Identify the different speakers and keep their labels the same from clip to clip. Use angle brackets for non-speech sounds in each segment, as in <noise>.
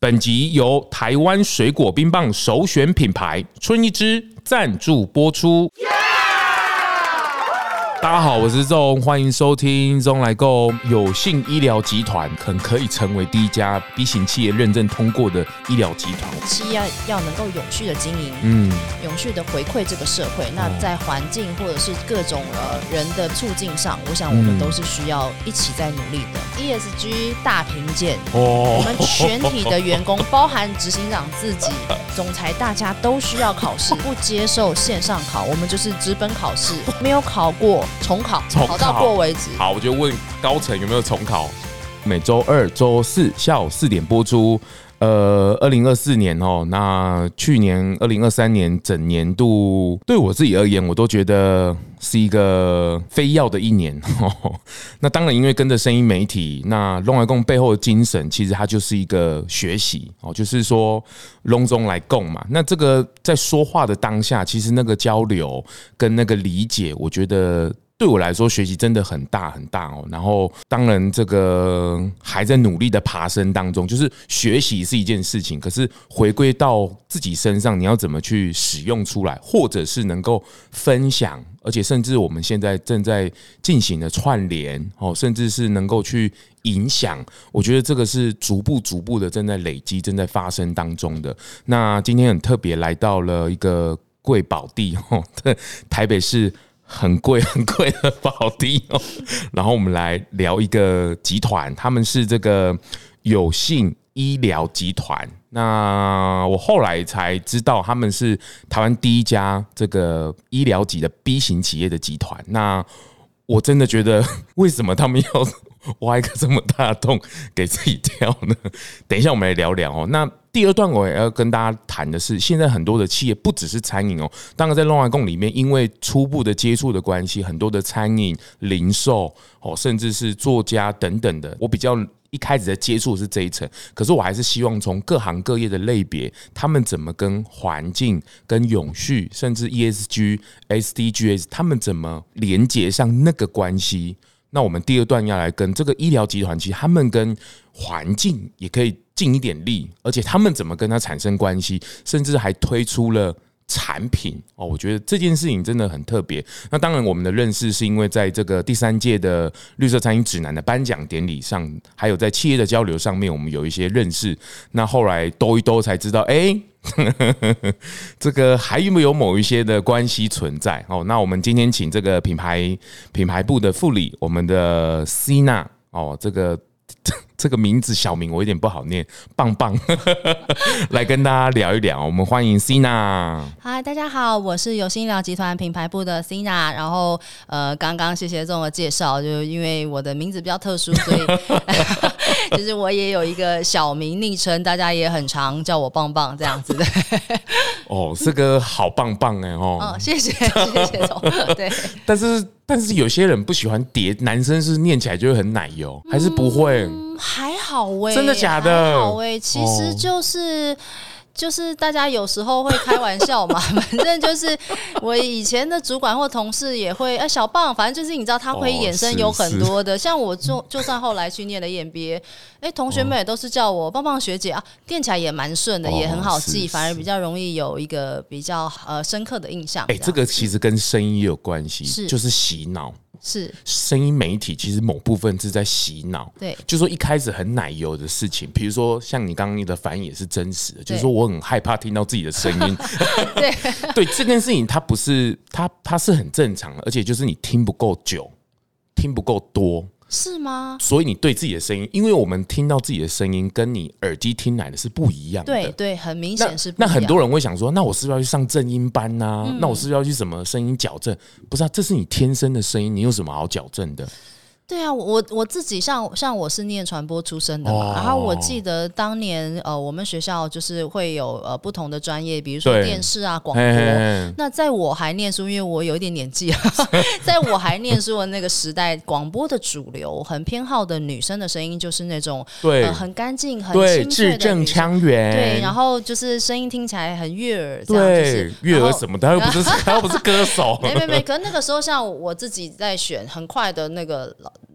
Speaker 1: 本集由台灣水果冰棒首選品牌春一枝贊助播出。大家好，我是 ZONG，歡迎收聽 ZONG 嚨來共。有幸醫療集團很可以成為第一家 B 型企業認證通過的醫療集團。
Speaker 2: 企業要，要能夠永續的經營，嗯，永續的回饋這個社會。那在環境或者是各種呃人的促進上，哦、我想我們都是需要一起在努力的。嗯、ESG 大評鑑，哦、我們全體的員工，包含執行長自己、 <laughs> 總裁，大家都需要考試，不接受線上考，我們就是直奔考試，沒有考過。重考，重考，考到過為止。好，我
Speaker 1: 就問高層有沒有重考？每周二、周四下午四點播出。呃，二零二四年哦、喔，那去年二零二三年整年度，對我自己而言，我都覺得。是一個非要的一年哦、喔，那當然，因為跟着聲音媒體，那嚨來共背後的精神，其實它就是一個學習哦，就是說嚨中來共嘛，那這個在說話的當下，其實那個交流跟那個理解，我覺得。對我來說，學習真的很大很大哦。然後，當然這個還在努力的爬升當中。就是學習是一件事情，可是回歸到自己身上，你要怎麼去使用出來，或者是能夠分享，而且甚至我們現在正在進行的串聯哦，甚至是能夠去影響。我覺得這個是逐步逐步的正在累積、正在發生當中的。那今天很特別，來到了一個貴寶地哦，台北市。很貴很貴的寶地哦，然後我們來聊一個集團，他們是這個友信醫療集團。那我後來才知道，他們是台灣第一家這個醫療級的 B 型企業的集團。那我真的覺得，為什麼他們要？挖一個這麼大的洞給自己跳呢？等一下，我們來聊聊哦。那第二段我也要跟大家談的是，現在很多的企業不只是餐飲哦，當然在嚨來共裡面，因為初步的接觸的關係，很多的餐飲、零售哦，甚至是作家等等的，我比較一開始在接觸的接觸是這一層。可是我還是希望從各行各業的類別，他們怎麼跟環境、跟永續，甚至 ESG、SDGs，他們怎麼連接上那個關係？那我們第二段要來跟這個醫療集團，其實他們跟環境也可以盡一點力，而且他們怎麼跟它產生關係，甚至還推出了產品哦。我覺得這件事情真的很特別。那當然，我們的認識是因為在這個第三屆的綠色餐飲指南的頒獎典禮上，還有在企業的交流上面，我們有一些認識。那後來兜一兜才知道，哎。 <laughs> 這個還有沒有某一些的關係存在？哦，那我們今天請這個品牌品牌部的副理，我們的 Sina 哦，這個。這個名字小名我有點不好念，棒棒呵呵來跟大家聊一聊。我們歡迎 Cina。
Speaker 2: 嗨，大家好，我是有心醫療集團品牌部的 Cina。然後呃，剛剛謝謝總的介紹，就因為我的名字比較特殊，所以 <laughs> 就是我也有一個小名昵稱，大家也很常叫我棒棒這樣子的。 <laughs> 對
Speaker 1: 哦，這個好棒棒哎，哦，謝謝謝謝總。對，但是但是有些人不喜歡疊，男生是不是念起來就會很奶油，還是不會？嗯
Speaker 2: 還好喂、欸，真的假的？還好喂、欸，其實就是、哦、就是大家有時候會開玩笑嘛， <laughs> 反正就是我以前的主管或同事也會哎、欸、小棒，反正就是你知道他會衍生有很多的，哦、像我就就算後來去念了演別，哎、欸、同學們也都是叫我、哦、棒棒學姐啊，念起來也蠻順的，哦、也很好記，反而比較容易有一個比較呃深刻的印象。哎、欸，這個其
Speaker 1: 實跟聲音有關係，是就是洗腦。是聲音媒體，其實某部分是在洗腦，對，就說一開始很奶油的事情，比如說像你剛剛你的反應也是真實的，對就是說我很害怕聽到自己的聲音， <laughs> <laughs> 對，對這件事情，它不是它、它是很正常的，而且就是你聽不夠久，聽不夠多。
Speaker 2: 是嗎？所
Speaker 1: 以你對自己的聲音，因為我們聽到自己的聲音，跟你耳機聽來的是不一樣的。對
Speaker 2: 對，很明顯是不一樣的。那，那很多人
Speaker 1: 會想說，那我是不是要去上正音班呢啊？嗯。那我是不是要去什麼聲音矯正？不是啊，這是你天生的聲音，你有什麼好矯正的？
Speaker 2: 對啊，我我自己像像我是念傳播出身的嘛，然後我記得當年呃，我們學校就是會有呃不同的專業，比如說電視啊、廣播。那在我還念書，因為我有點年紀了，在我還念書的那個時代，廣播的主流很偏好的女生的聲音就是那種對、很乾淨、很清脆的字正
Speaker 1: 腔圓對，然
Speaker 2: 後就是聲音聽起來很悅耳，對，
Speaker 1: 悅耳什麼？他又不是他又不是歌手，沒沒沒。可
Speaker 2: 那個時候，像我自己在選很快的那個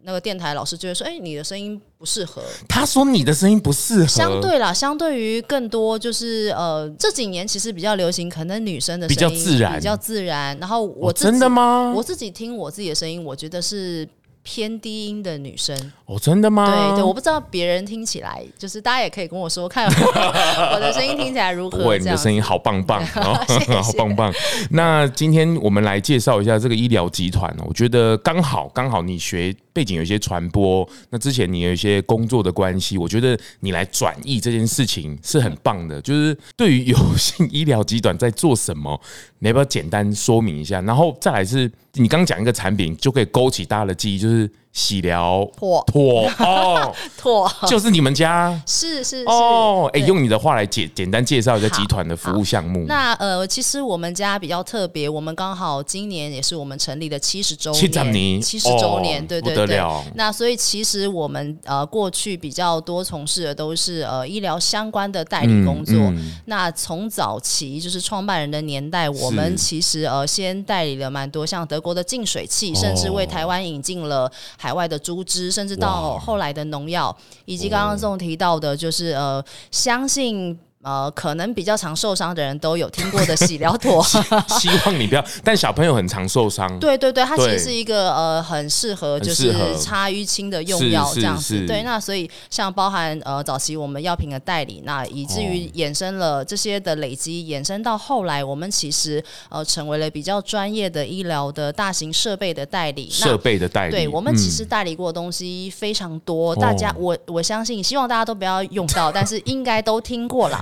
Speaker 2: 那個電台老師就會說：“哎、欸，你的聲音不適合。”
Speaker 1: 他說：“你的聲音不適合。”相對
Speaker 2: 啦，相對於更多就是呃，這幾年其實比較流行，可能女生的聲音比較自然，比較自然。然後我、哦、真的嗎？我自己聽我自己的聲音，我覺得是偏低音的女生。
Speaker 1: 哦，真的嗎？對對，我不知
Speaker 2: 道別人聽起來，就是大家也可以跟我說，看我， <laughs> 我的聲音聽起來如何。不會，你的聲音好
Speaker 1: 棒棒， <laughs> 謝謝。好棒棒。那今天我們來介紹一下這個醫療集團，我覺得剛好剛好你學。背景有一些傳播，那之前你有一些工作的關係，我覺得你來轉譯這件事情是很棒的。就是對於友信醫療集團在做什麼，你要不要簡單說明一下？然後再來是，你剛講一個產品就可以勾起大家的記憶，就是。喜療
Speaker 2: 妥妥哦，就是你們家是是是哎，
Speaker 1: 用你的話來簡簡單介紹一個集團的服務項目。那
Speaker 2: 呃，其實我們家比較特別，我們剛好今年也是我們成立的七十周年，七十周年，對對對。那所以其實我們呃過去比較多從事的都是呃醫療相關的代理工作。那從早期就是創辦人的年代，我們其實呃先代理了蠻多像德國的淨水器，甚至為台灣引進了。海外的豬隻，甚至到後來的農藥，Wow. 以及剛剛宋提到的，就是、oh. 呃，相信。呃，可能比較常受傷的人都有聽過的喜療妥，希
Speaker 1: 望你不要。但小朋友很常受傷。對對對，它其實是一
Speaker 2: 個呃很適合就是擦淤青的用藥這樣子。對，那所以像包含呃早期我們藥品的代理，那以至於衍生了這些的累積，衍生到後來，我們其實呃成為了比較專業的醫療的大型設備的代理。設備的代理，對我們其實代理過的東西非常多。大家我我相信，希望大家都不要用到，但是應該都聽過了。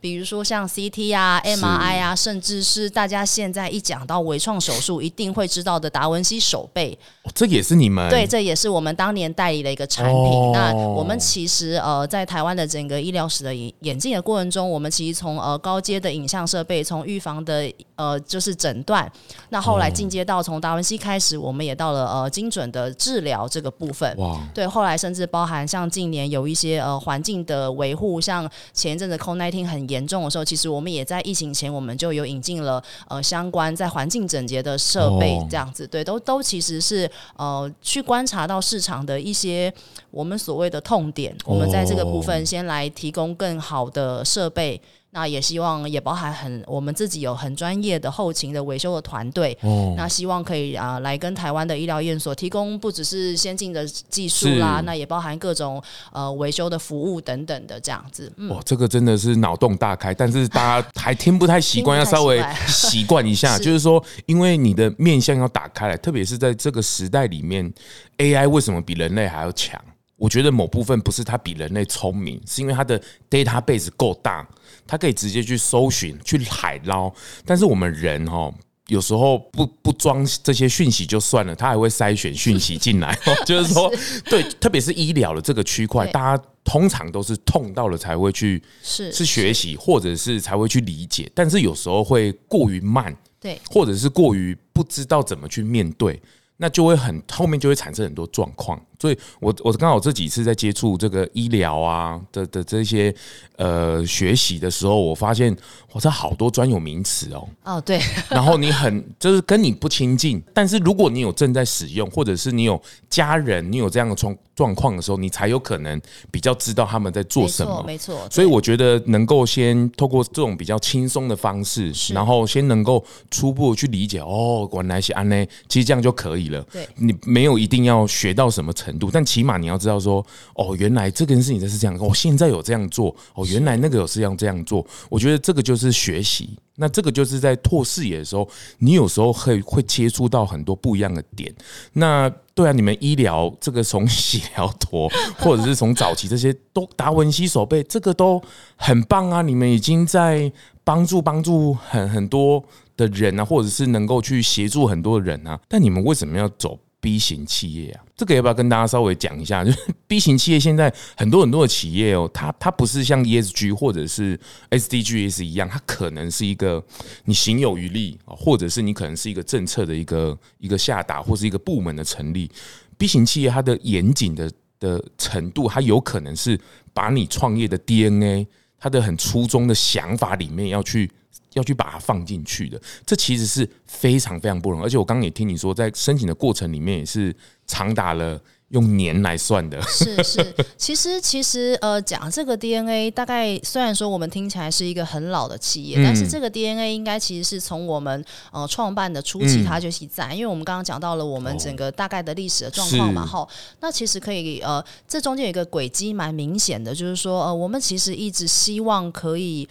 Speaker 2: 比如說像 CT 啊、MRI 啊，是甚至是大家現在一講到微創手術，一定會知道的達文西手背，
Speaker 1: 哦、這也是你們對，這
Speaker 2: 也是我們當年代理的一個產品。哦、那我們其實呃，在台灣的整個醫療史的演進的過程中，我們其實從呃高階的影像設備，從預防的呃就是診斷，那後來進階到從達文西開始，我們也到了呃精準的治療這個部分。哇，對，後來甚至包含像近年有一些呃環境的維護，像前一陣子 Co。開庭很嚴重的時候，其實我們也在疫情前，我們就有引進了呃相關在環境整潔的設備，這樣子、oh. 對，都都其實是呃去觀察到市場的一些我們所謂的痛點，oh. 我們在這個部分先來提供更好的設備。那也希望也包含很，我們自己有很專業的後勤的維修的團隊。哦。那希望可以啊、呃，來跟台灣的醫療院所提供不只是先進的技術啦，是那也包含各種呃維修的服務等等的這樣子。嗯、哦，
Speaker 1: 這個真的是腦洞大開，但是大家還聽不太習慣， <laughs> 要稍微習慣一下。 <laughs> 是就是說，因為你的面向要打開來，特別是在這個時代裡面，AI 為什麼比人類還要強？我覺得某部分不是它比人類聰明，是因為它的 database 夠大，它可以直接去搜尋、去海撈。但是我們人哈、喔，有時候不不裝這些訊息就算了，它還會篩選訊息進來，就是說，對，特別是醫療的這個區塊，大家通常都是痛到了才會去是是學習，或者是才會去理解。但是有時候會過於慢，對，或者是過於不知道怎麼去面對，那就會很後面就會產生很多狀況。所以我，我我剛好這幾次在接觸這個醫療啊的的這些呃學習的時候，我發現哇，這好多專有名詞哦。
Speaker 2: 哦，對。然
Speaker 1: 後你很就是跟你不親近，但是如果你有正在使用，或者是你有家人，你有這樣的狀狀況的時候，你才有可能比較知道他們在做什麼。沒錯。沒錯所以我覺得能夠先透過這種比較輕鬆的方式，是然後先能夠初步去理解哦，原來是按呢，其實這樣就可以了。對。你沒有一定要學到什麼程。程度，但起碼你要知道說，哦，原來這件事情是這樣，我、哦、現在有這樣做，哦，原來那個有是要這樣做。是我覺得這個就是學習，那這個就是在拓視野的時候，你有時候會會接觸到很多不一樣的點。那對啊，你們醫療這個從洗療托，或者是從早期這些都達文西手臂，這個都很棒啊！你們已經在幫助幫助很很多的人啊，或者是能夠去協助很多的人啊。但你們為什麼要走？B 型企業啊，這個要不要跟大家稍微講一下？就是 B 型企業現在很多很多的企業哦、喔，它它不是像 ESG 或者是 SDGs 一樣，它可能是一個你行有餘力啊，或者是你可能是一個政策的一個一個下達或是一個部門的成立。B 型企業它的嚴謹的的程度，它有可能是把你創業的 DNA，它的很初衷的想法裡面要去。要去把它放進去的，這其實是非常非常不容易。而且我剛剛也聽你說，在申請的過程裡面也是長達了用年來算的。是是，
Speaker 2: 其實其實呃，講這個 DNA，大概雖然說我們聽起來是一個很老的企業，嗯、但是這個 DNA 應該其實是從我們呃創辦的初期它就一直在。嗯、因為我們剛剛講到了我們整個大概的歷史的狀況嘛，哈。那其實可以呃，這中間有一個軌跡蠻明顯的，就是說呃，我們其實一直希望可以。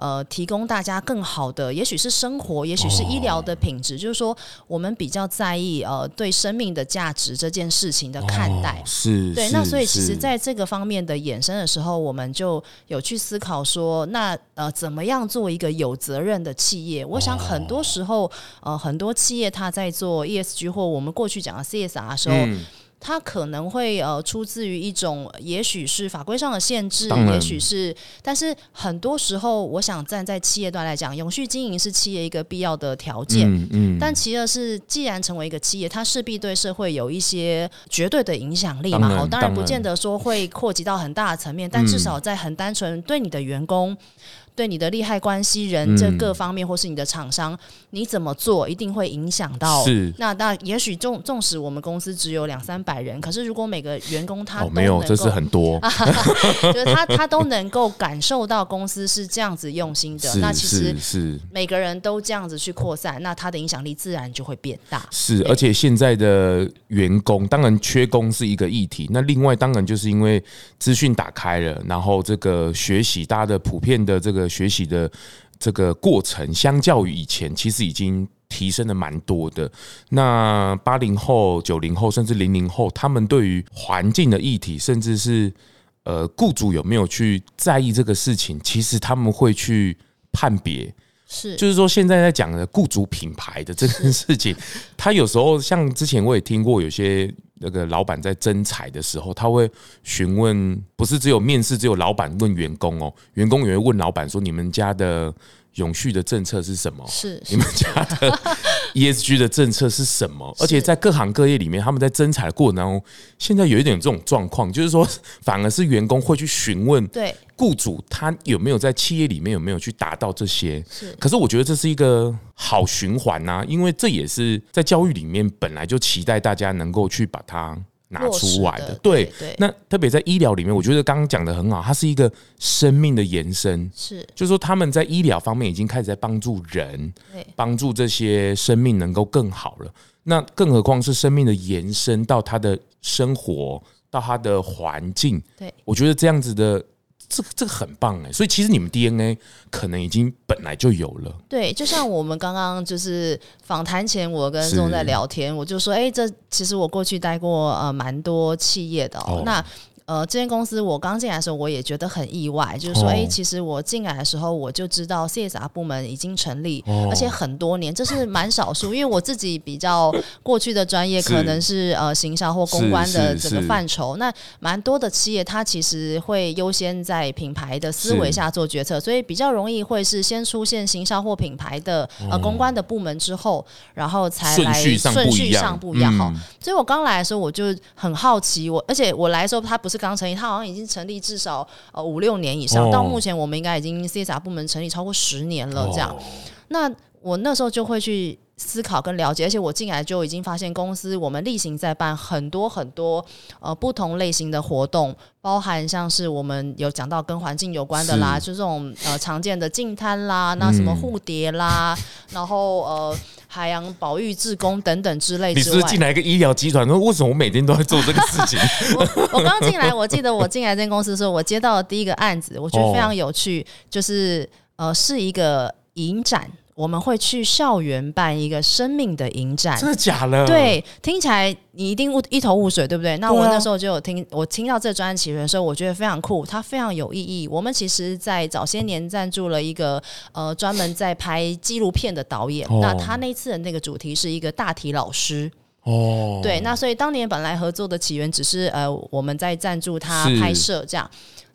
Speaker 2: 呃，提供大家更好的，也許是生活，也許是醫療的品質，oh. 就是說我們比較在意呃對生命的價值這件事情的看待，oh,
Speaker 1: 是，對。是，那所以其實在
Speaker 2: 這個方面的衍生的時候，我們就有去思考說，那呃怎麼樣做一個有責任的企業？我想很多時候，oh. 呃很多企業它在做 ESG 或我們過去講的 CSR 的時候。嗯它可能會呃出自於一種，也許是法規上的限制，也許是，但是很多時候，我想站在企業端來講，永續經營是企業一個必要的條件。嗯，但其二是，既然成為一個企業，它勢必對社會有一些絕對的影響力嘛。好，當然不見得說會擴及到很大的層面，但至少在很單純對你的員工。對你的利害關係人這各方面，嗯、或是你的廠商，你怎麼做一定會影響到。是，那那也許縱縱使我們公司只有兩三百人，可是如果每個員工他、哦、沒有這是很多， <laughs> 就是他他都能夠感受到公司是這樣子用心的。是那其實是，每個人都這樣子去擴散，那他的影響力自然就會變大。是，對而
Speaker 1: 且現在的員工當然缺工是一個議題。那另外當然就是因為資訊打開了，然後這個學習大家的普遍的這個。的學習的這個過程，相較於以前，其實已經提升了蠻多的。那八零後、九零後，甚至零零後，他們對於環境的議題，甚至是呃，雇主有沒有去在意這個事情，其實他們會去判別。是，就是說，現在在講的雇主品牌的這件事情，他有時候像之前我也聽過有些。那個老闆在徵才的時候，他會詢問，不是只有面試，只有老闆問員工哦、喔，員工也會問老闆說：“你們家的永續的政策是什麼？是，是你們家的，的。” <laughs> ESG 的政策是什麼？而且在各行各業裡面，他們在徵才過程當中，現在有一點這種狀況，就是說，反而是員工會去詢問，對雇主他有沒有在企業裡面有沒有去達到這些。可是我覺得這是一個好循環吶，因為這也是在教育裡面本來就期待大家能夠去把它。拿出來的。對，那特別在醫療裡面，我覺得剛剛講得很好，它是一個生命的延伸。是，就是說他們在醫療方面已經開始在幫助人，幫助這些生命能夠更好了，那更何況是生命的延伸到他的生活，到他的環境，對，我覺得這樣子的。這這個很棒哎、欸，所以其實你們 DNA 可能已經本來就有了。
Speaker 2: 對，就像我們剛剛就是訪談前，我跟宋在聊天，是我就說，哎、欸，這其實我過去待過呃蠻多企業的哦。哦那呃，這間公司我剛進來的時候，我也覺得很意外，就是說，哎、oh.，其實我進來的時候我就知道 CSR 部門已經成立，oh. 而且很多年，這是蠻少數， <laughs> 因為我自己比較過去的專業可能是 <laughs> 呃，行銷或公關的這個範疇，那蠻多的企業它其實會優先在品牌的思維下做決策，是所以比較容易會是先出現行銷或品牌的、oh. 呃公關的部門之後，然後才來，順序上不一樣，一樣嗯、所以我剛來的時候我就很好奇，我而且我來的時候他不是。剛成立，它好像已經成立至少呃五六年以上。哦、到目前，我們應該已經 CSR 部門成立超過十年了。這樣，哦、那我那時候就會去思考跟了解，而且我進來就已經發現公司我們例行在辦很多很多呃不同類型的活動，包含像是我們有講到跟環境有關的啦，是 就這種呃常見的淨灘啦，那什麼蝴蝶啦，嗯、然後呃。海洋保育、志工等等之類的，你是不是進來
Speaker 1: 一個醫療集團，那為什麼我每天都在做這個事情
Speaker 2: <laughs> 我？我我剛進來， <laughs> 我記得我進來這間公司的時候，我接到了第一個案子，我覺得非常有趣，哦、就是呃，是一個影展。我們會去校園辦一個生命的影展，真的假的？對，聽起來你一定一頭霧水，對不對？那我那時候就有聽，啊、我聽到這專案起源的時候，我覺得非常酷，它非常有意義。我們其實，在早些年贊助了一個呃專門在拍紀錄片的導演，哦、那他那次的那個主題是一個大體老師
Speaker 1: 哦，對，那
Speaker 2: 所以當年本來合作的起源只是呃我們在贊助他拍攝這樣。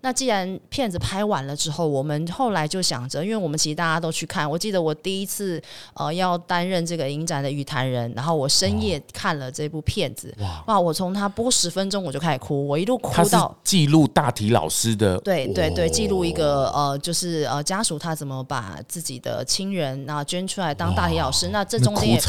Speaker 2: 那既然片子拍完了之後，我們後來就想着，因為我們其實大家都去看。我記得我第一次呃要擔任這個影展的與談人，然後我深夜看了這部片子，哇，哇！我從他播十分鐘我就開始哭，我一路哭到
Speaker 1: 記錄大體老師的對
Speaker 2: 對對，對，記錄一個呃就是呃家屬他怎麼把自己的親人啊捐出來當大體老師，哇那這中間也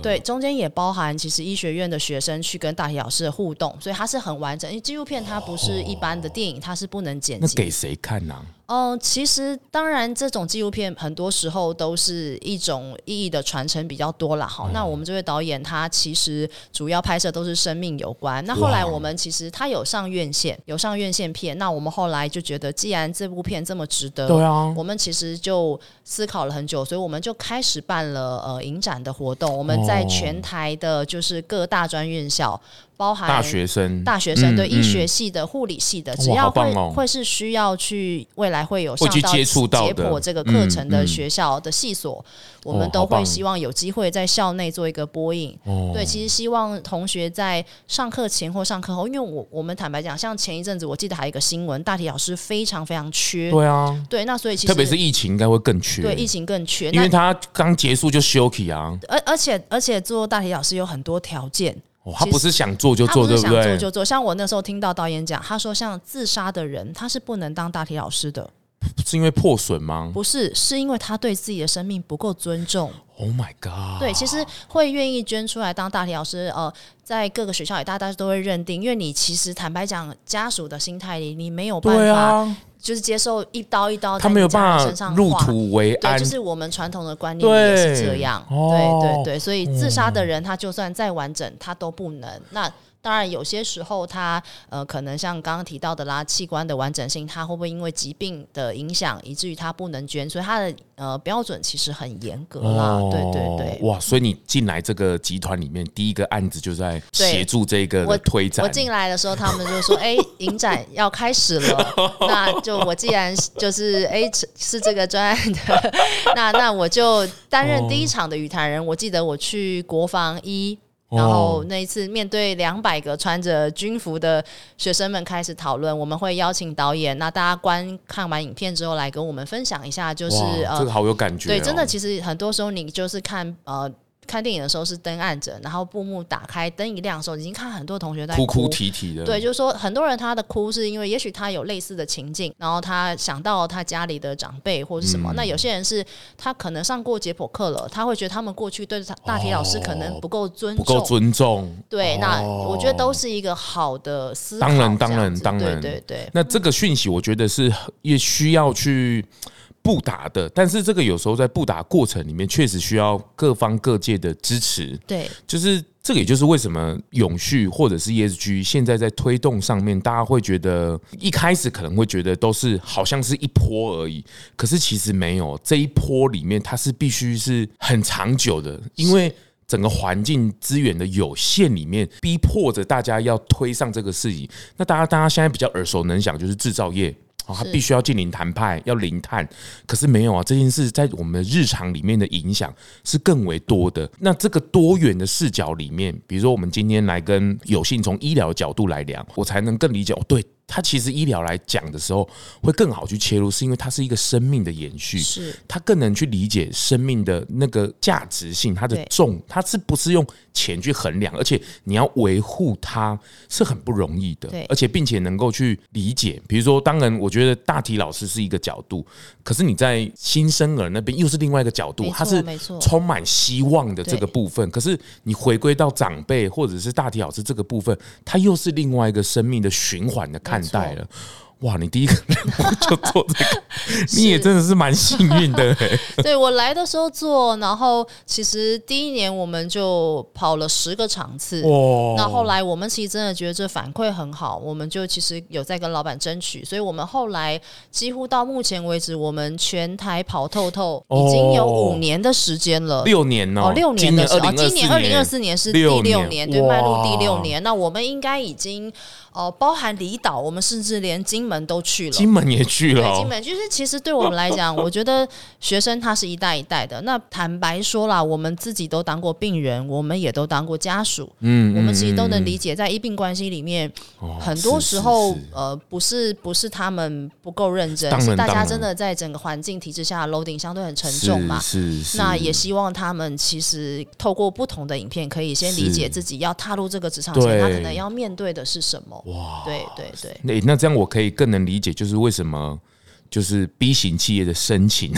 Speaker 2: 對中間也包含其實醫學院的學生去跟大體老師的互動，所以它是很完整。因為紀錄片它不是一般的電影，哦、它是不能。那
Speaker 1: 給誰看呢啊？
Speaker 2: 嗯，其實當然，這種紀錄片很多時候都是一種意義的傳承比較多了哈。好嗯、那我們這位導演他其實主要拍攝都是生命有關。那後來我們其實他有上院線，哇有上院線片。那我們後來就覺得，既然這部片這麼值得，對啊，我們其實就思考了很久，所以我們就開始辦了呃影展的活動。我們在全台的就是各大專院校，包含大學
Speaker 1: 生、嗯、大學生、嗯、對醫學
Speaker 2: 系的、護理系的，只要會、哦、會是需要去未來。還會有接觸到解剖這個課程的學校的系所，我們都會希望有機會在校內做一個播映。對，其實希望同學在上課前或上課後，因為我我們坦白講，像前一陣子我記得還有一個新聞，大體老師非常非常缺。對啊，對，那所以其實特別是疫
Speaker 1: 情應該會更缺，對，疫
Speaker 2: 情更缺，因為他
Speaker 1: 剛結束就休息啊。而且而
Speaker 2: 且而且做大體老師有很多條件。哦，他不，做做他不是想做就做，對不對？做就做。像我那時候聽到導演講，他說像自殺的人，他是不能當大體老師的，
Speaker 1: 是因為破損嗎？不
Speaker 2: 是，是因為他對自己的生命不夠尊重。
Speaker 1: Oh my god！對，
Speaker 2: 其實會願意捐出來當大體老師，呃，在各個學校裡，大家都會認定，因為你其實坦白講，家屬的心態裡，你沒有辦法。對啊。就是接受一刀一刀在你的身上，他沒有辦法入土為安，對，就是我們傳統的觀念也是這樣。對，哦、對對對，所以自殺的人，他就算再完整，他都不能那。當然，有些時候他呃，可能像剛剛提到的啦，器官的完整性，他會不會因為疾病的影響，以至於他不能捐？所以他的呃標準其實很嚴格啦。哦、對對對，
Speaker 1: 哇！所以你進來這個集團裡面，第一個案子就在協助這個推展我。我進
Speaker 2: 來的時候，他們就說：“哎、 <laughs> 欸，影展要開始了，那就我既然就是哎、欸、是這個專案的，那那我就擔任第一場的與談人。哦、我記得我去國防醫。”然後那一次面對兩百個穿着軍服的學生們開始討論，我們會邀請導演，那大家觀看完影片之後來跟我們分享一下，就是呃，這個好有感覺哦，對，真的其實很多時候你就是看呃。看電影的時候是燈暗着，然後布幕打開，燈一亮的時候，已經看很多同學在哭，哭哭啼啼的。對，就是說很多人他的哭是因為，也許他有類似的情境，然後他想到他家裡的長輩或是什麼。嗯、那有些人是，他可能上過解剖課了，他會覺得他們過去對他大體老師可能不夠尊重，哦、不夠尊
Speaker 1: 重。對，哦、那我覺得都
Speaker 2: 是一個好的思想。當然，當然，當然，對對對。
Speaker 1: 那這個訊息，我覺得是也需要去。不打的，但是這個有時候在不打過程裡面，確實需要各方各界的支持。對，就是這個，也就是為什麼永續或者是 ESG 現在在推動上面，大家會覺得一開始可能會覺得都是好像是一波而已，可是其實沒有這一波裡面，它是必須是很長久的，因為整個環境資源的有限裡面，逼迫着大家要推上這個事情。那大家，大家現在比較耳熟能詳就是製造業。哦，他必須要進行談判，要零碳，可是沒有啊。這件事在我們日常裡面的影響是更為多的。那這個多元的視角裡面，比如說我們今天來跟有幸從醫療角度來聊，我才能更理解哦。對。他其實醫療來講的時候，會更好去切入，是因為它是一個生命的延續，是他對 更能去理解生命的那個價值性，它的重，它是不是用錢去衡量，而且你要維護它是很不容易的，對，而且並且能夠去理解，比如說，當然，我覺得大體老師是一個角度，可是你在新生兒那邊又是另外一個角度，它是充滿希望的這個部分，可是你回歸到長輩或者是大體老師這個部分，它又是另外一個生命的循環的看法。帶了，錯哇！你第一個任務 <laughs> 就做這個， <laughs> 是你也真的是蠻幸運的對。對
Speaker 2: 我來的時候做，然後其實第一年我們就跑了十個場次，哇、哦！那後來我們其實真的覺得這反饋很好，我們就其實有在跟老闆爭取，所以我們後來幾乎到目前為止，我們全台跑透透、哦、已經有五年的時間了，六年哦，哦六年。的時候今年二零二四年是第六年，六年對，邁入哇第六年，那我們應該已經。哦、呃，包含離島，我們甚至連金門都去了，金門也去了、哦嗯。對，金門就是其實對我們來講， <laughs> 我覺得學生他是一代一代的。那坦白說啦，我們自己都當過病人，我們也都當過家屬，嗯，嗯，嗯，我們其實都能理解，在醫病關係裡面，哦、很多時候是是是呃不是不是他們不夠認真，是大家真的在整個環境體制下，loading 相對很沉重嘛。是，是，是，那也希望他們其實透過不同的影片，可以先理解自己要踏入這個職場前，是他可能要面對的是什麼。哇，對
Speaker 1: 對對，那、欸、那這樣我可以更能理解，就是為什麼。就是 B 型企業的申請，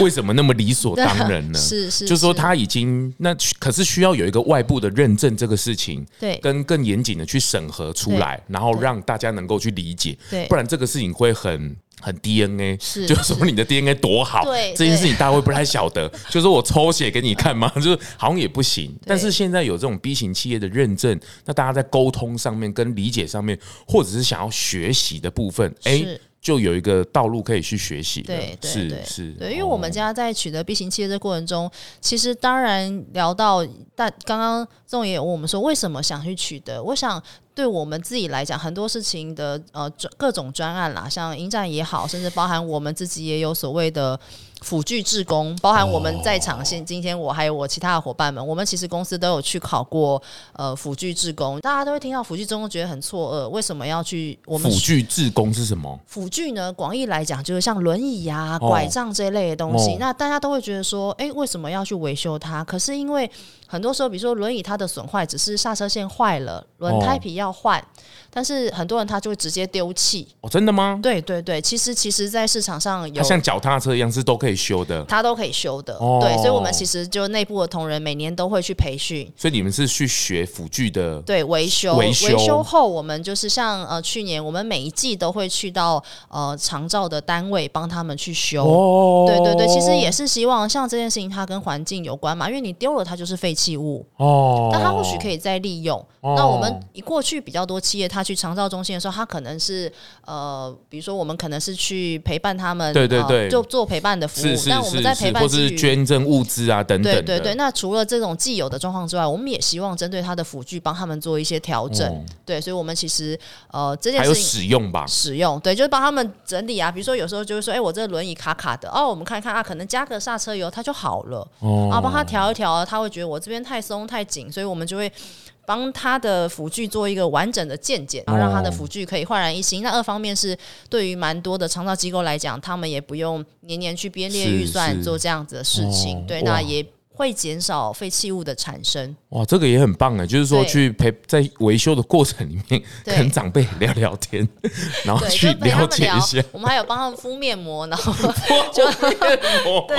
Speaker 1: 為什麼那麼理所當然呢？是是，就是說他已經那可是需要有一個外部的認證，這個事情對，跟更嚴謹的去審核出來，然後讓大家能夠去理解，對，不然這個事情會很很 DNA，就是說你的 DNA 多好，對，這件事情大家會不太曉得，就是說我抽血給你看嗎？就是好像也不行。但是現在有這種 B 型企業的認證，那大家在溝通上面、跟理解上面，或者是想要學習的部分，哎。就有一個道路可以去學習，是
Speaker 2: 是，對，因為我們家在取得 B 型企業的過程中，哦、其實當然聊到，但剛剛宋也問我們說為什麼想去取得，我想對我們自己來講，很多事情的呃各種專案啦，像營戰也好，甚至包含我們自己也有所謂的。輔具製工，包含我們在場現、oh. 今天我還有我其他的夥伴們，我們其實公司都有去考過呃輔具製工，大家都會聽到輔具製工覺得很錯愕，為什麼要去？我們輔具
Speaker 1: 製工是什麼？
Speaker 2: 輔具呢，廣義來講就是像輪椅啊、拐杖這一類的東西，oh. 那大家都會覺得說，誒、欸，為什麼要去維修它？可是因為。很多時候，比如說輪椅，它的損壞只是剎車線壞了，輪胎皮要換，哦、但是很多人他就會直接丟棄。哦，真的嗎？對對對，其實其實，在市場上有像
Speaker 1: 腳踏車一樣是都可以修的，
Speaker 2: 它都可以修的。哦、對，所以我們其實就內部的同仁每年都會去培訓。
Speaker 1: 所以你們是去學輔具的維修？對，
Speaker 2: 維修維修，維修後，我們就是像呃，去年我們每一季都會去到呃長照的單位幫他們去修。哦，對對對，其實也是希望像這件事情，它跟環境有關嘛，因為你丟了它就是廢器物
Speaker 1: 哦，那他或許可以
Speaker 2: 再利用。哦、那我們以過去比較多企業，他去長照中心的時候，他可能是呃，比如說我們可能是去陪伴他們，對對對、呃，就做陪伴的服務。是是是是，但我們在陪伴之餘，是是是是或是捐
Speaker 1: 贈物資啊等等。對對對，
Speaker 2: 那除了這種既有的狀況之外，我們也希望針對他的輔具，幫他們做一些調整。哦、對，所以我們其實呃，這件事情使用吧，使用對，就是幫他們整理啊。比如說有時候就是說，哎、欸，我這個輪椅卡卡的，哦，我們看一看啊，可能加個剎車油它就好了。哦，然後幫他調一調、啊，他會覺得我。這邊太鬆太緊，所以我們就會幫他的輔具做一個完整的健檢，然後、oh. 讓他的輔具可以煥然一新。那二方面是對於蠻多的長照機構來講，他們也不用年年去編列預算做這樣子的事情，是是 oh. 對，那也。會減少廢棄物的產生。
Speaker 1: 哇，這個也很棒哎！就是說去陪在維修的過程裡面，跟長輩聊聊天，然後去了解一些。我們
Speaker 2: 還有幫他們敷面膜，然後就對，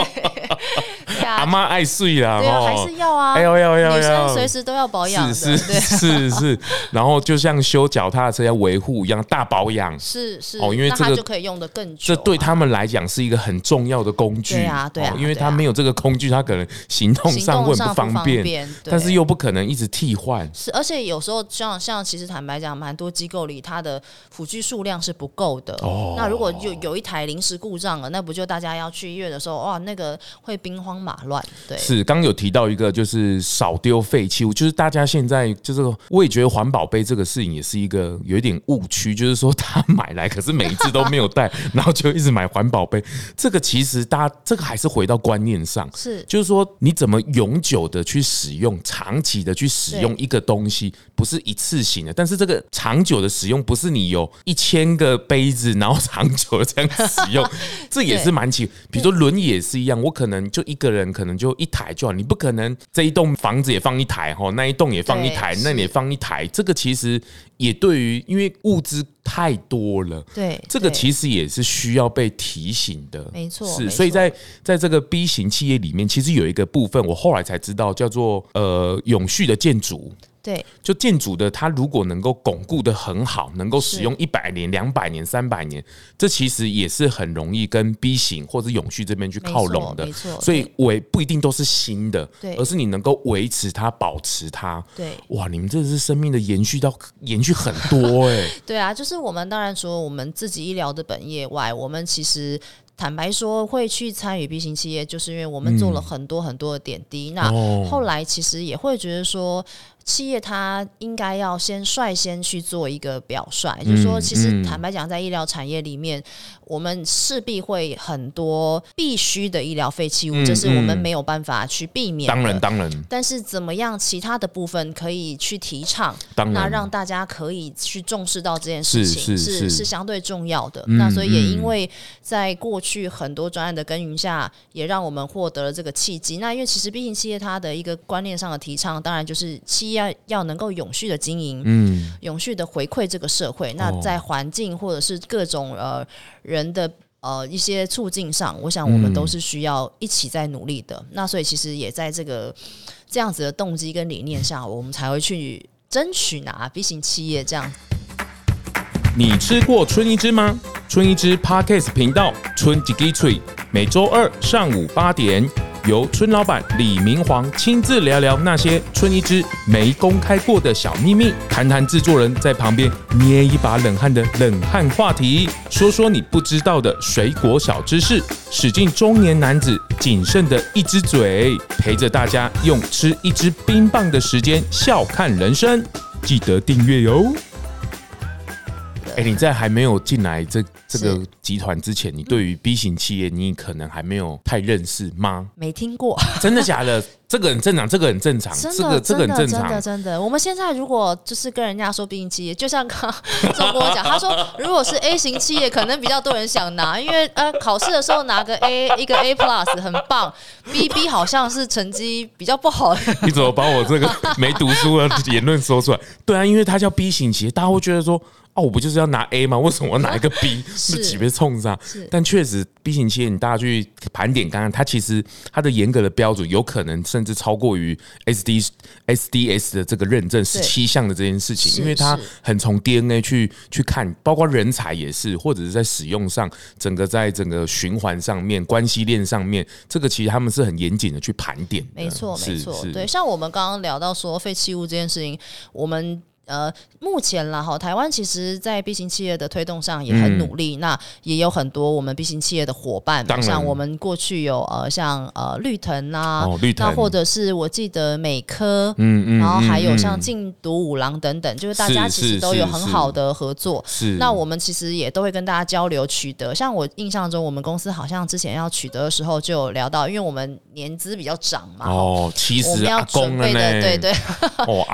Speaker 2: 阿
Speaker 1: 嬤愛水啦，還是要啊，要要要，女生隨時
Speaker 2: 都要保養，是是是是。
Speaker 1: 然後就像修腳踏車要維護一樣，大保養，是
Speaker 2: 是哦，因為這個就可以用的更久。這
Speaker 1: 對他們來講是一個很重要的工具啊，對啊，因為他沒有這個工具，他可能行。行動，行動上不方便，但是又不可能一直替換。
Speaker 2: 是，而且有時候像像其實坦白講，蠻多機構裡它的輔具數量是不夠的。哦，那如果有有一台臨時故障了，那不就大家要去醫院的時候，哇，那個會兵荒馬亂。對，是
Speaker 1: 剛有提到一個就是少丟廢棄物，就是大家現在就是我也覺得環保杯這個事情也是一個有一點誤區，就是說他買來可是每一次都沒有帶， <laughs> 然後就一直買環保杯。這個其實大家這個還是回到觀念上，是，就是說你。怎麼永久的去使用，長期的去使用一個東西，對 不是一次性的。但是這個長久的使用，不是你有一千個杯子，然後長久的這樣使用， <laughs> 對 這也是蠻奇。比如說輪椅也是一樣，我可能就一個人，可能就一台就好。你不可能這一棟房子也放一台，哈，那一棟也放一台，對 那裡放一台，是 這個其實也對於，因為物資太多了，對，這個其實也是需要被提醒的，沒錯。是，所以在在這個 B 型企業裡面，其實有一個部。部分我後來才知道叫做呃永續的建築，對，就建築的它如果能夠鞏固得很好，能夠使用一百年、兩百是年、三百年，這其實也是很容易跟 B 型或者永續這邊去靠攏的，沒錯。沒所以唯，不一定都是新的，對而是你能夠維持它、保持它。對，哇，你們這是生命的延續到延續很多哎、欸。
Speaker 2: <laughs> 對啊，就是我們當然說我們自己醫療的本業外，我們其實。坦白說，會去參與 B 型企業，就是因為我們做了很多很多的點滴。嗯、那後來其實也會覺得說。企業它應該要先率先去做一個表率，嗯、就是說，其實坦白講，在醫療產業裡面，嗯、我們勢必會很多必須的醫療廢棄物，嗯嗯、這是我們沒有辦法去避免。當然，當然。但是怎麼樣，其他的部分可以去提倡，當然，那讓大家可以去重視到這件事情是是，是是,是相對重要的。嗯、那所以也因為，在過去很多專案的耕耘下，嗯、也讓我們獲得了這個契機。嗯、那因為其實，畢竟企業它的一個觀念上的提倡，當然就是企業。要要能夠永續的經營，嗯，永續的回饋這個社會。哦、那在環境或者是各種呃人的呃一些促進上，我想我們都是需要一起在努力的。嗯、那所以其實也在這個這樣子的動機跟理念下，我們才會去爭取拿 B 型企業這樣。
Speaker 1: 你吃過春一枝嗎？春一枝 Podcast 頻道春季 e e 每周二上午八點。由村老闆李銘煌，親自聊聊那些春一枝沒公開過的小祕密，談談制作人在旁邊捏一把冷汗的冷汗話題，說說你不知道的水果小知識，使盡中年男子僅剩的一隻嘴，陪着大家用吃一支冰棒的時間笑看人生，記得訂閱喲。哎，欸、你在還沒有進來這這個集團之前，你對於 B 型企業，你可能還沒有太認識嗎？
Speaker 2: 沒聽過，
Speaker 1: 真的假的？ <laughs> 這個很正常，這個很正常，的這個的這個很正常，真的，真
Speaker 2: 的。真的。我們現在如果就是跟人家說 B 型企業，就像剛剛周博講，他說如果是 A 型企業，可能比較多人想拿，因為呃考試的時候拿個 A 一個 A plus 很棒，B B 好像是成績比較不好。你
Speaker 1: 怎麼把我這個沒讀書的言論說出來？ <laughs> 對啊，因為他叫 B 型企業，大家會覺得說。哦，我不就是要拿 A 嗎？為什麼我要拿一個 B？蛤幾個是幾別衝上？但確實 B 型企業，你大家去盤點剛剛，剛剛它其實它的嚴格的標準，有可能甚至超過於 S D S D S 的這個認證十七項的這件事情，因為它很從 D N A 去去看，包括人才也是，或者是在使用上，整個在整個循環上面，關係鏈上面，這個其實他們是很嚴謹的去盤點。沒錯，沒錯，對。
Speaker 2: 像我們剛剛聊到說廢棄物這件事情，我們。呃，目前啦，齁台灣其實在 B 型企業的推動上也很努力，那也有很多我們 B 型企業的夥伴，像我們過去有呃像呃綠藤吶，綠藤，那或者是我記得美科，嗯嗯，然後還有像禁毒五郎等等，就是大家其實都有很好的合作。是，那我們其實也都會跟大家交流取得，像我印象中我們公司好像之前要取得的時候就有聊到，因為我們年資比較長嘛，
Speaker 1: 哦，七十，我們要準備的，對對，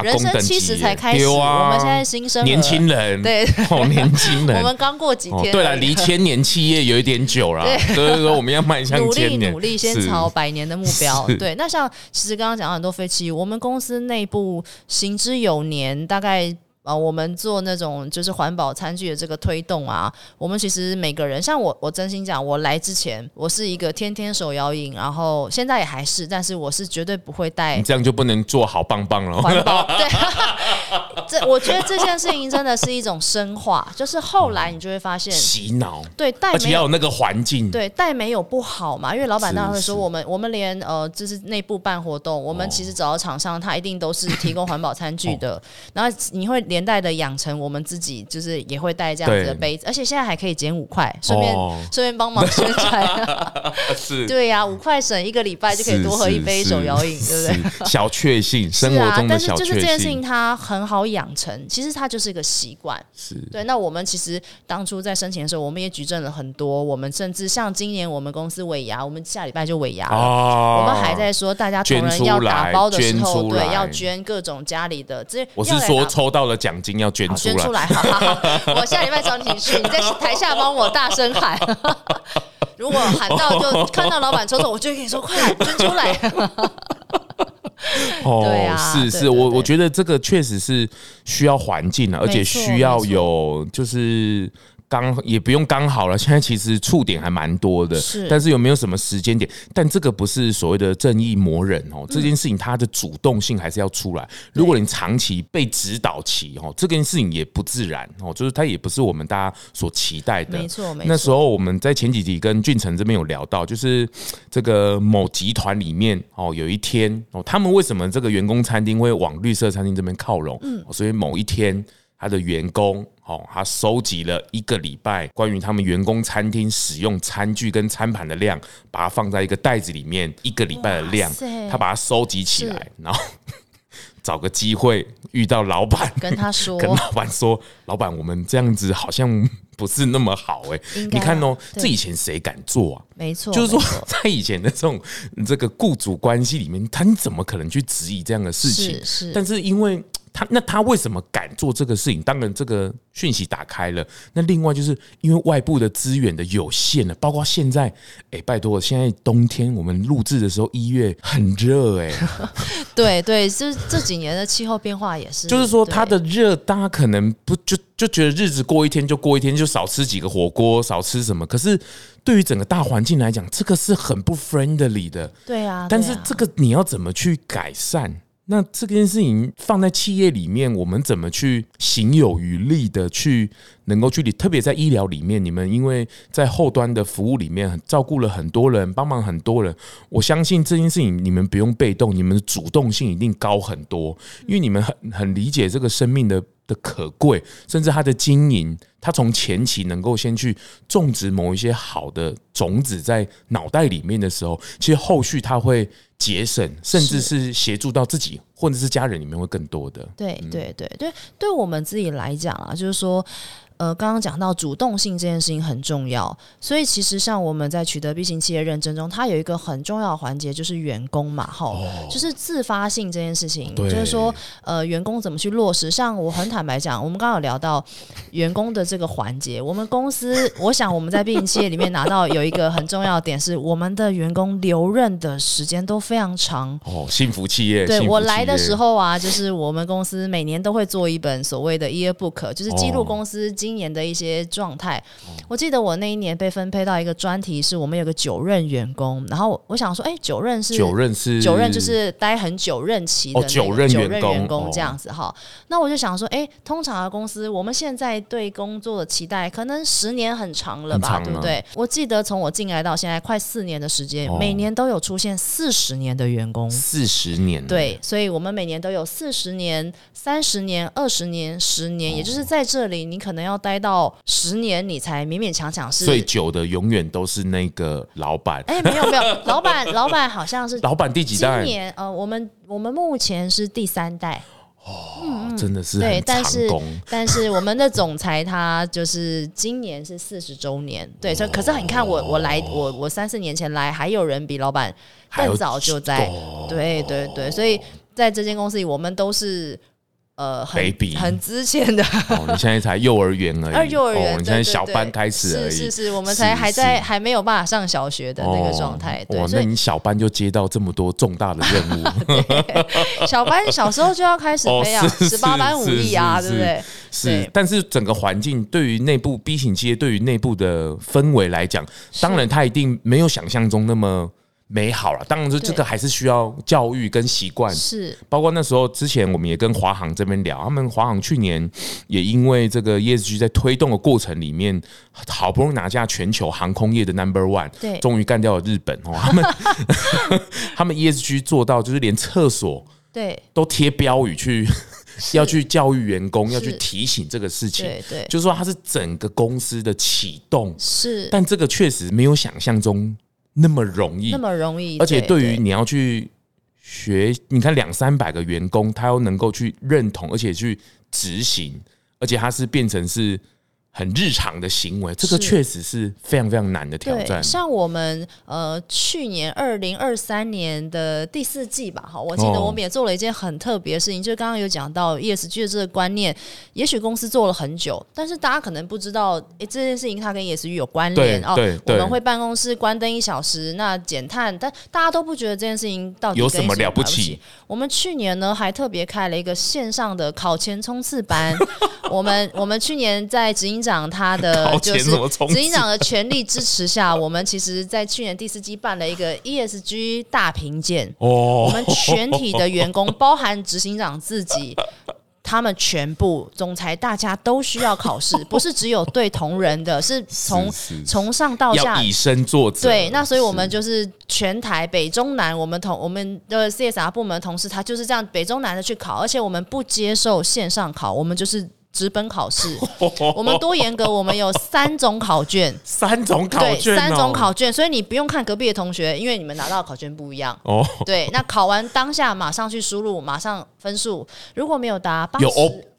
Speaker 2: 人生七十才開始。我們現在新生年輕人，對，對,
Speaker 1: 對、哦，好年輕人，我們
Speaker 2: 剛過幾天，那個哦，對了，離千
Speaker 1: 年企業有一點久了，所以說我們要邁向千年，努力努力，先朝百年的目標。是對，那
Speaker 2: 像其實剛剛講到很多廢棄，我們公司內部行之有年，大概。啊、呃，我們做那種就是環保餐具的這個推動啊，我們其實每個人，像我，我真心講，我來之前，我是一個天天手搖飲，然後現在也還是，但是我是絕對不會帶。你這
Speaker 1: 樣就不能做好棒棒了。環保對，
Speaker 2: 這我覺得這件事情真的是一種深化，就是後來你就會發現、嗯、洗腦對帶，帶而且要有
Speaker 1: 那個環境
Speaker 2: 對帶沒有不好嘛，因為老板當然會說我們我們連呃就是內部辦活動，我們其實找到廠商，他一定都是提供環保餐具的，然後你會。連帶的養成，我們自己就是也會帶這樣子的杯子，對而且現在還可以減五塊，順便順、哦、便幫忙宣傳。
Speaker 1: <laughs> 是 <laughs> 對
Speaker 2: 呀、啊，五塊省一個禮拜就可以多喝一杯一手搖飲，是是是是對不對？
Speaker 1: 小確幸，生活中的小確幸啊。但是就是這件事情它
Speaker 2: 很好養成，其實它就是一個習慣。是，對。那我們其實當初在申請的時候，我們也舉證了很多。我們甚至像今年我們公司尾牙，我們下禮拜就尾牙哦，我們還在說大家同仁要打包的時候，對，要捐各種家裡的。這我是說
Speaker 1: 抽到了。獎金要捐出來，
Speaker 2: 好！
Speaker 1: 我下禮拜找你去，你在
Speaker 2: 台下幫我大聲喊，如果喊到就看到老闆抽走，我就跟你說，快，快捐出來！ <laughs> 哦，對啊，是是，對對
Speaker 1: 對對，我我覺得這個確實是需要環境啊，而且需要有就是。剛也不用剛好了，現在其實觸點還蠻多的，是，但是有沒有什麼時間點？但這個不是所謂的正義魔人哦，嗯、這件事情它的主動性還是要出來。嗯、如果你長期被指導起哦，對這件事情也不自然哦，就是它也不是我們大家所期待的。沒錯，沒錯。那時候我們在前幾集跟俊成這邊有聊到，就是這個某集團裡面哦，有一天哦，他們為什麼這個員工餐廳會往綠色餐廳這邊靠攏？嗯，所以某一天。他的員工哦，他收集了一個禮拜關於他們員工餐廳使用餐具跟餐盤的量，把它放在一個袋子裡面，一個禮拜的量，哇塞 他把它收集起來，是然後找個機會遇到老闆，跟他說，跟老闆說，老闆，我們這樣子好像不是那麼好哎、欸，啊、你看哦、喔，對這以前誰敢做啊？
Speaker 2: 沒錯錯，就是說錯
Speaker 1: 在以前的這種這個雇主關係裡面，他你怎麼可能去質疑這樣的事情？是，是但是因為。他那他為什麼敢做這個事情？當然，這個訊息打開了。那另外就是因為外部的資源的有限了，包括現在，哎、欸，拜托，現在冬天我們錄制的時候一月很熱，欸，哎 <laughs> ，
Speaker 2: 對對，這這幾年的氣候變化也是，就是說它
Speaker 1: 的熱，對大家可能不就就覺得日子過一天就過一天，就少吃幾個火鍋，少吃什麼？可是對於整個大環境來講，這個是很不 friendly 的。
Speaker 2: 對啊，對啊。但是
Speaker 1: 這個你要怎麼去改善？那這件事情放在企業裡面，我們怎麼去行有餘力的去能夠去理？特別在醫療裡面，你們因為在後端的服務裡面，照顧了很多人，幫忙很多人。我相信這件事情，你們不用被動，你們的主動性一定高很多，因為你們很很理解這個生命的的可貴，甚至它的經營。他從前期能夠先去種植某一些好的種子在腦袋裡面的時候，其實後續他會節省，甚至是協助到自己或者是家人裡面會更多的。
Speaker 2: 對對對、嗯、對，對我們自己來講啊，就是說。呃，剛剛講到主動性這件事情很重要，所以其實像我們在取得 B 型企業認證中，它有一個很重要的環節就是員工嘛，哈、哦，就是自發性這件事情，對就是說，呃，員工怎麼去落實？像我很坦白講，我們剛剛有聊到員工的這個環節，我們公司， <laughs> 我想我們在 B 型企業裡面拿到有一個很重要的點是，我們的員工留任的時間都非常長
Speaker 1: 哦，幸福企業。對，幸福企業。我來的時候
Speaker 2: 啊，就是我們公司每年都會做一本所謂的 yearbook，就是記錄公司。今年的一些狀態，哦、我記得我那一年被分配到一個專題，是我們有個久任員工，然後我想說，哎、欸，久任是久任是久任就是待很久任期的久，那個哦，任、任員工這樣子哈、哦。那我就想說，哎、欸，通常的公司，我們現在對工作的期待可能十年很長了吧，啊、對不對？我記得從我進來到現在快四年的時間，哦，每年都有出現四十年的員工，四十年對，所以我們每年都有四十年、三十年、二十年、十年，哦，也就是在這裡，你可能要。要待到十年，你才勉勉強強是。最
Speaker 1: 久的永遠都是那個老闆。哎、欸，
Speaker 2: 沒有沒有，老闆 <laughs> 老闆好像是老
Speaker 1: 闆第幾代？今年
Speaker 2: 呃，我們我們目前是第三代。哦，嗯、真
Speaker 1: 的是對，但是 <laughs>
Speaker 2: 但是我們的總裁他就是今年是四十週年，對，所以可是你看我我來我我三四年前來，還有人比老闆更早就在，有對對對，所以在這間公司裡，我們都是。呃，很很值錢的。
Speaker 1: 你現在才幼兒園而已，哦，幼兒園，你現在小班開始而已，是
Speaker 2: 是，我們才還在還沒有辦法上小學的那個狀態。哇，那你
Speaker 1: 小班就接到這麼多重大的任務，
Speaker 2: 小班小時候就要開始培養十八般武藝啊，對不對？
Speaker 1: 是，但是整個環境對於內部 B 型企業對於內部的氛圍來講，當然它一定沒有想象中那麼。美好了，當然是這個還是需要教育跟習慣，是對包括那時候之前我們也跟華航這邊聊，他們華航去年也因為這個 ESG 在推動的過程裡面，好不容易拿下全球航空業的 Number One，對，終於幹掉了日本哦，他們 <laughs> 他們 ESG 做到就是連廁所對都貼標語去對要去教育員工是要去提醒這個事情，對，對就是說它是整個公司的啟動是，但這個確實沒有想象中那麼容易，那麼
Speaker 2: 容易，而且對於
Speaker 1: 你要去學，你看兩三百個員工，他要能夠去認同，而且去執行，而且他是變成是，很日常的行為，這個確實是非常非常難的挑戰。像
Speaker 2: 我們呃，去年二零二三年的第四季吧，好，我記得我們也做了一件很特別的事情，哦、就是剛剛有講到 ESG 的這個觀念。也許公司做了很久，但是大家可能不知道，哎、欸，這件事情它跟 ESG 有關聯哦。我們會辦公室關燈一小時，那減碳，但大家都不覺得這件事情到底有什麼了不起。有沒有了不起。我們去年呢，還特別開了一個線上的考前衝刺班。 <laughs> 我們我們去年在直營。長他的就是執行長的全力支持下，我們其實在去年第四季辦了一個 ESG 大評鑑。我們全體的員工，包含執行長自己，他們全部總裁，大家都需要考試，不是只有對同仁的，是從從上到下以
Speaker 1: 身作則。對，
Speaker 2: 那所以我們就是全台北中南，我們同我們的 CSR 部門同事，他就是這樣北中南的去考，而且我們不接受線上考，我們就是。直奔考試，我們多嚴格，我們有三種考卷，三種考卷，對，三種考卷，哦，所以你不用看隔壁的同學，因為你們拿到考卷不一樣。哦，對，那考完當下馬上去輸入，馬上分數，如果沒有達八十。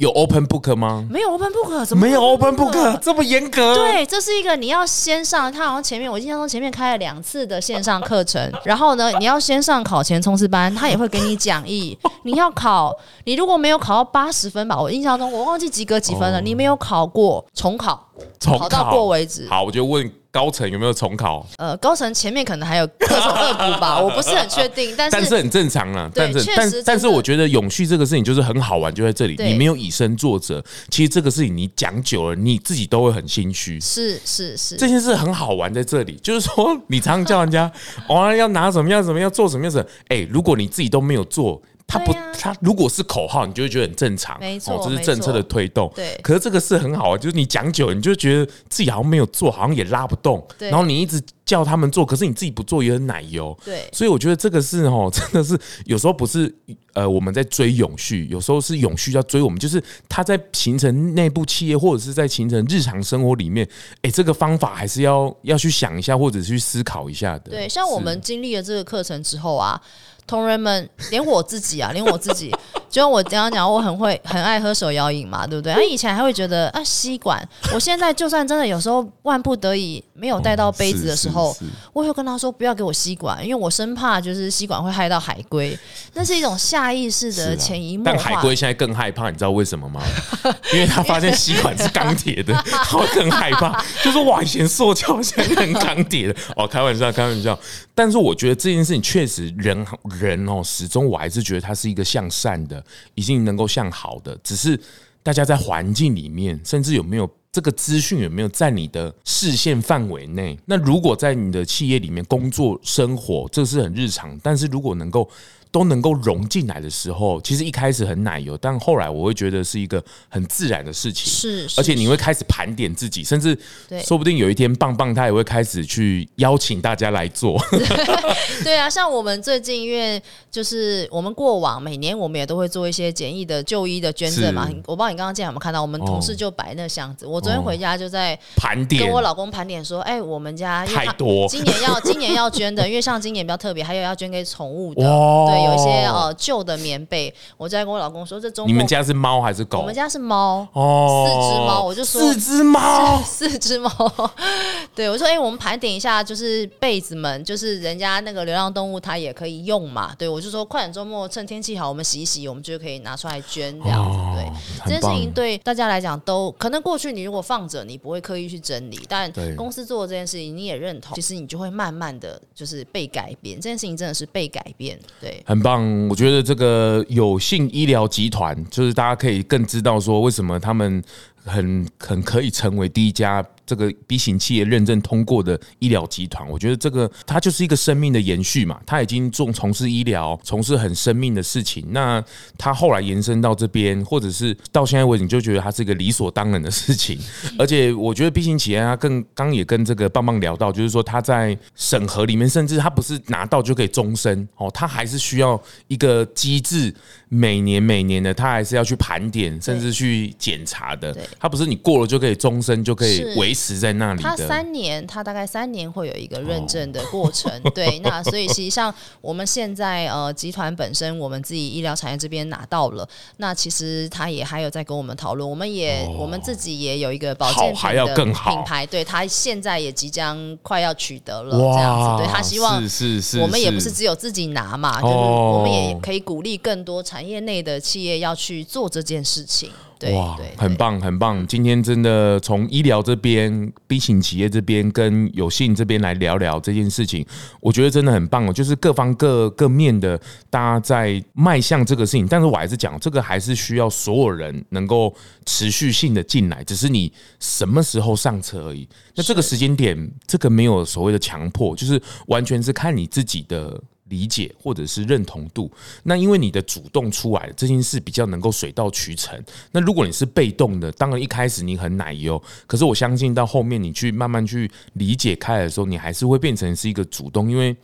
Speaker 1: 有 open book 嗎？
Speaker 2: 沒有 open book 怎麼有 open book 沒有
Speaker 1: open book？這麼嚴格？對，
Speaker 2: 這是一個你要先上，他好像前面我印象中前面開了兩次的線上課程， <laughs> 然後呢，你要先上考前衝刺班，他也會給你講義。 <laughs> 你要考，你如果沒有考到八十分吧，我印象中我忘記及格幾分了，oh. 你沒有考過重考。重考過為止。
Speaker 1: 好，我就問高層有沒有重考。
Speaker 2: 呃，高層前面可能還有各種惡補吧， <laughs> 我不是很確定。但是，但是很
Speaker 1: 正常啦。對但是，但但是，我覺得永續這個事情就是很好玩，就在這裡，對你沒有以身作則。其實這個事情你講久了，你自己都會很心虛。是
Speaker 2: 是是，這件事很
Speaker 1: 好玩，在這裡就是說，你常常叫人家， <laughs> 哦、啊，要拿什麼樣，要什麼，要做什麼樣，要什麼，哎、欸，如果你自己都沒有做。他不，啊、他如果是口號，你就會覺得很正常，沒錯錯、哦，這是政策的推動。對，可是這個是很好啊，就是你講久了，你就覺得自己好像沒有做，好像也拉不動。對然後你一直叫他們做，可是你自己不做，也很奶油。對，所以我覺得這個是哦，真的是有時候不是呃，我們在追永續，有時候是永續要追我們，就是他在形成內部企業，或者是在形成日常生活裡面，哎、欸，這個方法還是要要去想一下，或者是去思考一下的。
Speaker 2: 對，是像我們經歷了這個課程之後啊。同仁們，連我自己啊， <laughs> 連我自己。就我怎樣講，我很會很愛喝手搖飲嘛，對不對？而以前還會覺得啊，吸管。我現在就算真的有時候萬不得已沒有帶到杯子的時候，我會跟他說不要給我吸管，因為我生怕就是吸管會害到海龜。那是一種下意識的潛移默化、啊。但海龜現
Speaker 1: 在更害怕，你知道為什麼嗎？因為他發現吸管是鋼鐵的，他會更害怕。就
Speaker 2: 是說哇，以前塑膠現在很鋼
Speaker 1: 鐵的哦，開玩笑，開玩笑。但是我覺得這件事情確實人，人人哦，始終我還是覺得他是一個向善的。已經能夠向好的，只是大家在環境裡面，甚至有沒有這個資訊，有沒有在你的視線範圍內？那如果在你的企業裡面工作生活，這是很日常。但是如果能夠，都能夠融進來的時候，其實一開始很奶油，但後來我會覺得是一個很自然的事情。是，而且你會開始盤點自己，甚至說不定有一天棒棒他也會開始去邀請大家來做。
Speaker 2: 對啊，像我們最近因為就是我們過往每年我們也都會做一些簡易的舊衣的捐贈嘛。我不知道你剛剛見有沒有看到，我們同事就擺那箱子。我昨天回家就在盤點，跟我老公盤點說：“哎，我們家太多，今年要今年要捐的，因為像今年比較特別，還有要捐給寵物的。”對。有一些呃舊的棉被，我在跟我老公說，這周末你們家
Speaker 1: 是貓還是狗？我們家是貓哦，四隻貓。我
Speaker 2: 就說四隻貓，四隻貓。對，我說，哎、欸，我們盤點一下，就是被子們，就是人家那個流浪動物它也可以用嘛。對我就說，快點周末趁天氣好，我們洗一洗，我們就可以拿出來捐，哦、這樣子對。很棒。這件事情對大家來講都可能過去，你如果放着，你不會刻意去整理。但公司做的這件事情，你也認同，其實你就會慢慢的就是被改變。這件事情真的是被改變，對。
Speaker 1: 很棒，我覺得這個有幸醫療集團，就是大家可以更知道說為什麼他們很很可以成為第一家。這個 B 型企業認證通過的醫療集團，我覺得這個它就是一個生命的延續嘛，它已經重從事醫療、從事很生命的事情。那它後來延伸到這邊，或者是到現在為止，你就覺得它是一個理所當然的事情。而且我覺得 B 型企業它剛剛也跟這個棒棒聊到，就是說它在審核裡面，甚至它不是拿到就可以終身哦，它還是需要一個機制，每年每年的，它還是要去盤點，甚至去檢查的。對對 它不是你過了就可以終身就可以維。在那裡。他三
Speaker 2: 年，他大概三年會有一個認證的過程。Oh. 對，那所以實際上我們現在呃，集團本身我們自己醫療產業這邊拿到了，那其實他也還有在跟我們討論。我們也、oh. 我們自己也有一個保健品的品牌，對他現在也即將快要取得了這樣子。Wow. 對他希望我們也不是只有自己拿嘛，就是、oh. 我們也可以鼓勵更多產業內的企業要去做這件事情。對 哇，
Speaker 1: 很棒，很棒！今天真的從醫療這邊、對 B 型企業這邊跟有幸這邊來聊聊這件事情，我覺得真的很棒哦。就是各方各各面的大家在邁向這個事情，但是我還是講，這個還是需要所有人能夠持續性的進來，只是你什麼時候上車而已。那這個時間點，這個沒有所謂的強迫，就是完全是看你自己的。理解或者是認同度，那因為你的主動出來了這件事，比較能夠水到渠成。那如果你是被動的，當然一開始你很奶油，可是我相信到後面你去慢慢去理解開的時候，你還是會變成是一個主動，因為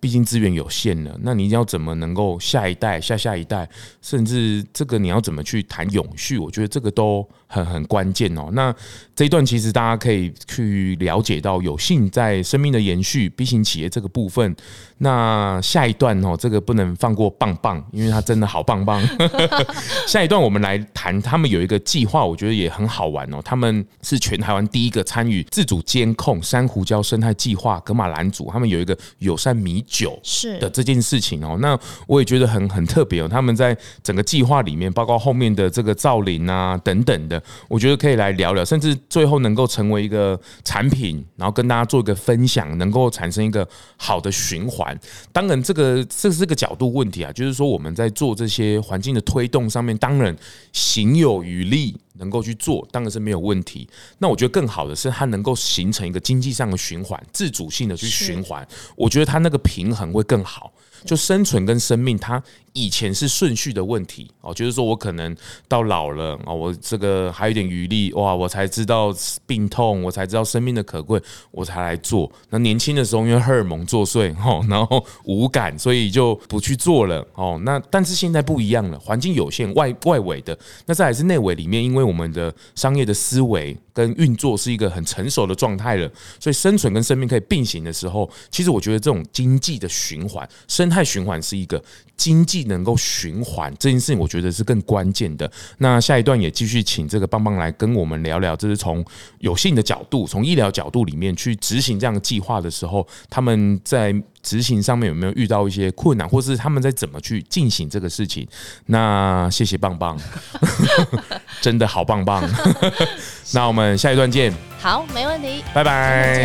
Speaker 1: 畢竟資源有限了。那你要怎麼能夠下一代下下一代，甚至這個你要怎麼去談永續？我覺得這個都很很關鍵哦。那這一段其實大家可以去了解到，有幸在生命的延續 B 型企業這個部分，那。下一段哦，這個不能放過，棒棒，因為它真的好棒棒。 <laughs> <laughs> 下一段我們來談，他們有一個計劃，我覺得也很好玩哦。他們是全台灣第一個參與自主監控珊瑚礁生態計劃，噶瑪蘭族，他們有一個友善米酒是的這件事情哦，是那我也覺得很很特別哦。他們在整個計劃裡面，包括後面的這個造林啊等等的，我覺得可以來聊聊，甚至最後能夠成為一個產品，然後跟大家做一個分享，能夠產生一個好的循環，當然。這個這是個角度問題啊，就是說我們在做這些環境的推動上面，當然行有餘力能夠去做，當然是沒有問題。那我覺得更好的是，它能夠形成一個經濟上的循環，自主性的去循環，我覺得它那個平衡會更好。就生存跟生命，它以前是順序的問題哦，就是說我可能到老了啊，我這個還有點餘力哇，我才知道病痛，我才知道生命的可貴，我才來做。那年輕的時候，因為荷爾蒙作祟哈，然後無感，所以就不去做了哦。那但是現在不一樣了，環境有限，外外圍的那再來是內圍裡面，因為我們的商業的思維。跟運作是一個很成熟的狀態了，所以生存跟生命可以並行的時候，其實我覺得這種經濟的循環、生態循環是一個經濟能夠循環這件事情，我覺得是更關鍵的。那下一段也繼續請這個棒棒來跟我們聊聊，就是從有幸的角度、從醫療角度裡面去執行這樣的計劃的時候，他們在，執行上面有沒有遇到一些困難，或是他們在怎麼去進行這個事情？那謝謝棒棒， <laughs> <laughs> 真的好棒棒。 <laughs> <laughs> 那我們下一段見。
Speaker 2: <laughs> 好，沒問題，拜拜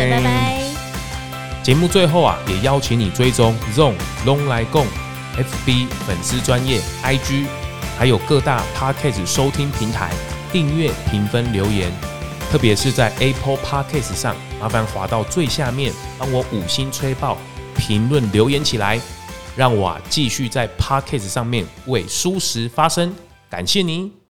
Speaker 2: bye，拜拜。
Speaker 1: 節目最後啊，也邀請你追蹤 ZONG 嚨來共 FB 粉絲專業 IG，還有各大 Podcast 收聽平台訂閱、評分、留言，特別是在 Apple Podcast 上，麻煩滑到最下面，幫我五星吹爆。評論留言起來，讓我、啊、繼續在 Podcast 上面為蔬食發聲。感謝您。